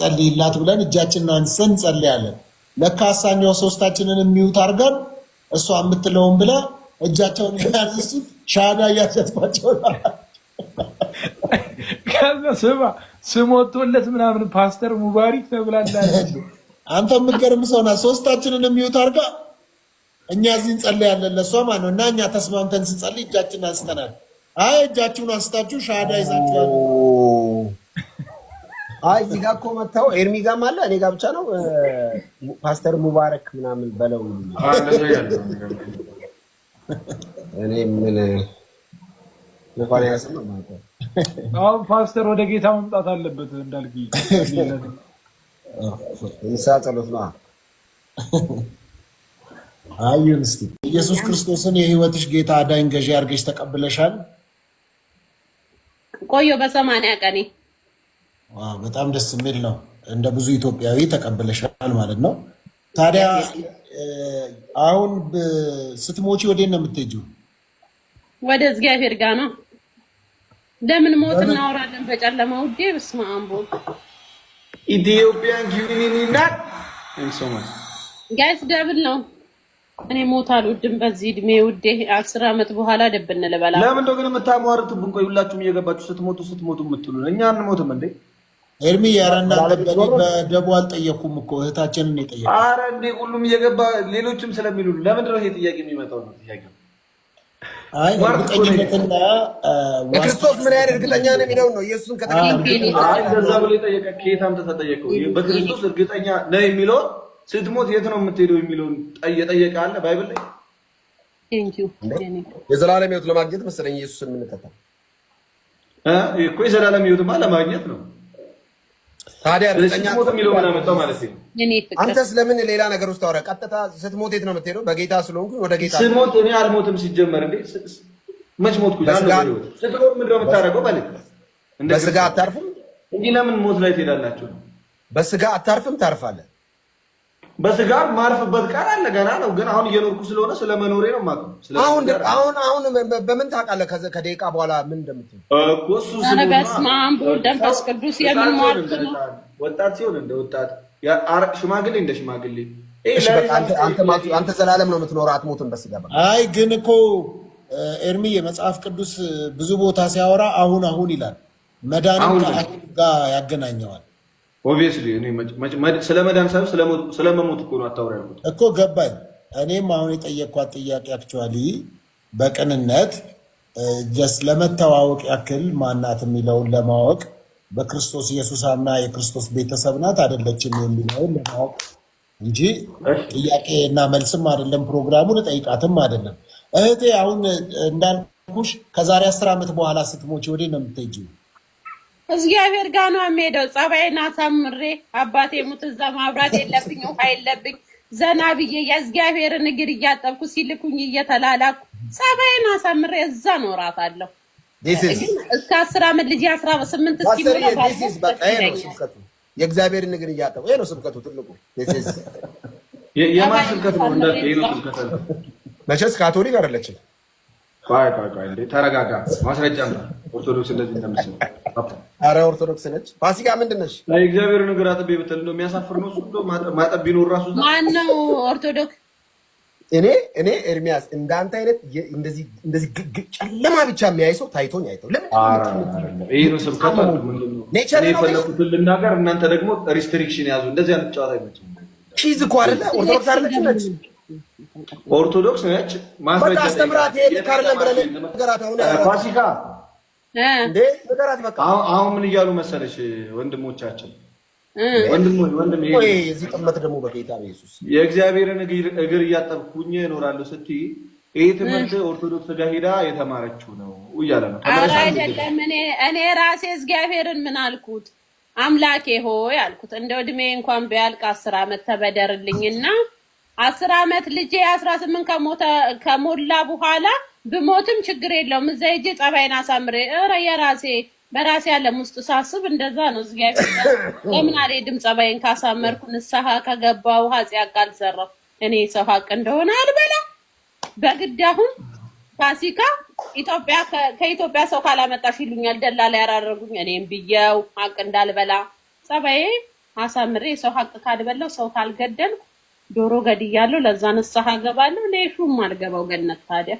ጸልይላት ብለን እጃችንን አንስተን እንጸልያለን። ለካ አሳኛው ሶስታችንን የሚዩት አድርገን እሷ የምትለውን ብለ እጃቸውን ያዝሱ ሻዳ እያሸጥፋቸው ስማ ስሞቶለት ምናምን ፓስተር ሙባሪክ ተብላላ አንተ የምትገርም ሰውና ሶስታችንን የሚዩት አድርጋ እኛ እዚህ እንጸልያለን ለእሷ ማለት ነው። እና እኛ ተስማምተን ስንጸልይ እጃችንን አንስተናል። አይ እጃችሁን አንስታችሁ ሻዳ ይዛችኋል አይ እዚህ ጋር እኮ መተው ኤርሚ ጋም አለ እኔ ጋር ብቻ ነው። ፓስተር ሙባረክ ምናምን በለው። እኔ ምን ለፋሪ አሁን ፓስተር ወደ ጌታ መምጣት አለበት እንዳልክ እንሳ ጸሎት ነው። አዩን እስኪ ኢየሱስ ክርስቶስን የህይወትሽ ጌታ አዳኝ ገዢ አድርገሽ ተቀብለሻል? ቆየ በሰማንያ ቀኔ በጣም ደስ የሚል ነው። እንደ ብዙ ኢትዮጵያዊ ተቀብለሻል ማለት ነው። ታዲያ አሁን ስትሞቺ ወዴት ነው የምትሄጂው? ወደ እግዚአብሔር ጋር ነው። ለምን ሞት እናወራለን በጨለማ ውዴ? በስመ አብ ኢትዮጵያን ጊዩኒኒናት ጋይስ ደብል ነው። እኔ ሞት አልወድም በዚህ እድሜ ውዴ። አስር ዓመት በኋላ ደብን ልበላ። ለምን እንደው ግን የምታሟርቱብን? ቆይ ሁላችሁም እየገባችሁ ስትሞቱ ስትሞቱ የምትሉ እኛ አንሞትም እንዴ? ኤርሚ ኧረ እናንተ በደቡ አልጠየኩም እኮ እህታችንን የጠየቁ። ኧረ እንዴ ሁሉም እየገባ ሌሎችም ስለሚሉ ለምንድን ነው ይሄ ጥያቄ የሚመጣው? ነው ጥያቄ እርግጠኝነትና ክርስቶስ ምን ያህል እርግጠኛ ነው የሚለው ነው። ኢየሱስን ከተከዛ ብሎ የጠየቀ ከየታም ተጠየቀው በክርስቶስ እርግጠኛ ነው የሚለውን ስትሞት የት ነው የምትሄደው የሚለውን የጠየቀ አለ ባይብል ላይ የዘላለም ሕይወት ለማግኘት መሰለኝ ኢየሱስን የምንከተል እኮ የዘላለም ሕይወትማ ለማግኘት ነው ታዲያ አንተስ ለምን ሌላ ነገር ውስጥ አወራ? ቀጥታ ስትሞት የት ነው የምትሄደው? በጌታ ስለሆንኩ ወደ ጌታ ስሞት። እኔ አልሞትም ሲጀመር እንዴ መች ሞትኩ? ስትሞት የምታደርገው? በስጋ አታርፍም እንጂ ለምን ሞት ላይ ትሄዳላችሁ? በስጋ አታርፍም፣ ታርፋለህ በስጋ ማርፍበት ቀን አለ። ገና ነው ግን አሁን እየኖርኩ ስለሆነ ስለ መኖሬ ነው የማውቀው። አሁን አሁን በምን ታውቃለህ? ከደቂቃ በኋላ ምን እንደምትል እኮ እሱ ቅዱስ ወጣት ሲሆን እንደ ወጣት፣ ሽማግሌ እንደ ሽማግሌ። አንተ ዘላለም ነው የምትኖረው፣ አትሞትም በስጋ። አይ ግን እኮ ኤርሚ የመጽሐፍ ቅዱስ ብዙ ቦታ ሲያወራ አሁን አሁን ይላል። መዳንም ከአሁን ጋር ያገናኘዋል። ኦብቪየስሊ ስለ መዳን ሳይሆን ስለመሞት እኮ ነው አታወራ ያልኩት እኮ ገባኝ። እኔም አሁን የጠየኳት ጥያቄ አክቹዋሊ በቅንነት ጀስ ለመተዋወቅ ያክል ማናት የሚለውን ለማወቅ በክርስቶስ ኢየሱሳና የክርስቶስ ቤተሰብ ናት አይደለችም የሚለውን ለማወቅ እንጂ ጥያቄ እና መልስም አይደለም ፕሮግራሙ። ልጠይቃትም አይደለም እህቴ። አሁን እንዳልኩሽ ከዛሬ አስር ዓመት በኋላ ስትሞች ወዴት ነው የምትሄጂው? እግዚአብሔር ጋር ነው የሚሄደው። ጸባይን አሳምሬ አባቴ ሙት እዛ ማብራት የለብኝ ውሃ የለብኝ ዘና ብዬ የእግዚአብሔርን እግር እያጠብኩ ሲልኩኝ እየተላላኩ ጸባይን አሳምሬ እዛ ኖራታለሁ። እስከ አስር ልጅ አስራ ስምንት የእግዚአብሔርን እግር ይሄ ነው ስብከቱ ትልቁ የማን ስብከት ነው? መቼስ ካቶሊክ አይደለችም። ቆይ ቆይ ቆይ እንዴ ተረጋጋ። ማስረጃ እንዳ ኦርቶዶክስ እንደዚህ እንደምትሰሩ አረ ኦርቶዶክስ ነች። ፋሲካ ምንድን ነሽ? አይ እግዚአብሔር አጥቤ ብትል ነው የሚያሳፍር ነው። እሱ ማጠብ ቢኖር ራሱ ማን ነው ኦርቶዶክስ? እኔ እኔ ኤርሚያስ እንዳንተ አይነት እንደዚህ እንደዚህ ጨለማ ብቻ የሚያይ ሰው ታይቶኝ አይተው ለምን ነው ስብከቱ። ኔቸር የፈለኩትን ልናገር። እናንተ ደግሞ ሪስትሪክሽን ያዙ። እንደዚህ አይነት ጨዋታ አይመችም። ቺዝ እኮ አይደለ ኦርቶዶክስ አይደለች ነች ኦርቶዶክስ ነች። ማስረጃ አስተምራት ፋሲካ አሁን ምን እያሉ መሰለሽ ወንድሞቻችን የእግዚአብሔርን እግር እያጠብኩኝ እኖራለሁ ስትይ ይህ ትምህርት ኦርቶዶክስ ጋር ሄዳ የተማረችው ነው እያለ ነው። አይደለም እኔ ራሴ እግዚአብሔርን ምን አልኩት? አምላኬ ሆይ አልኩት እንደ እድሜ እንኳን ቢያልቅ አስር አመት ተበደርልኝና አስር አመት ልጄ አስራ ስምንት ከሞላ በኋላ ብሞትም ችግር የለውም እዛ ሄጄ ጸባይን አሳምሬ እረ የራሴ በራሴ ዓለም ውስጥ ሳስብ እንደዛ ነው። እዚጋ ለምን አልሄድም? ጸባይን ካሳመርኩ ንስሐ ከገባሁ ኃጢአት ካልሰራሁ እኔ ሰው ሀቅ እንደሆነ አልበላ በግድ አሁን ፋሲካ ኢትዮጵያ ከኢትዮጵያ ሰው ካላመጣሽ ይሉኛል። ደላላ ያራረጉኝ እኔም ብየው ሀቅ እንዳልበላ ጸባዬ አሳምሬ ሰው ሀቅ ካልበላው ሰው ካልገደልኩ ዶሮ ገድያለሁ፣ ለዛ ንስሐ እገባለሁ። ለሹም አልገባው ገነት ታዲያ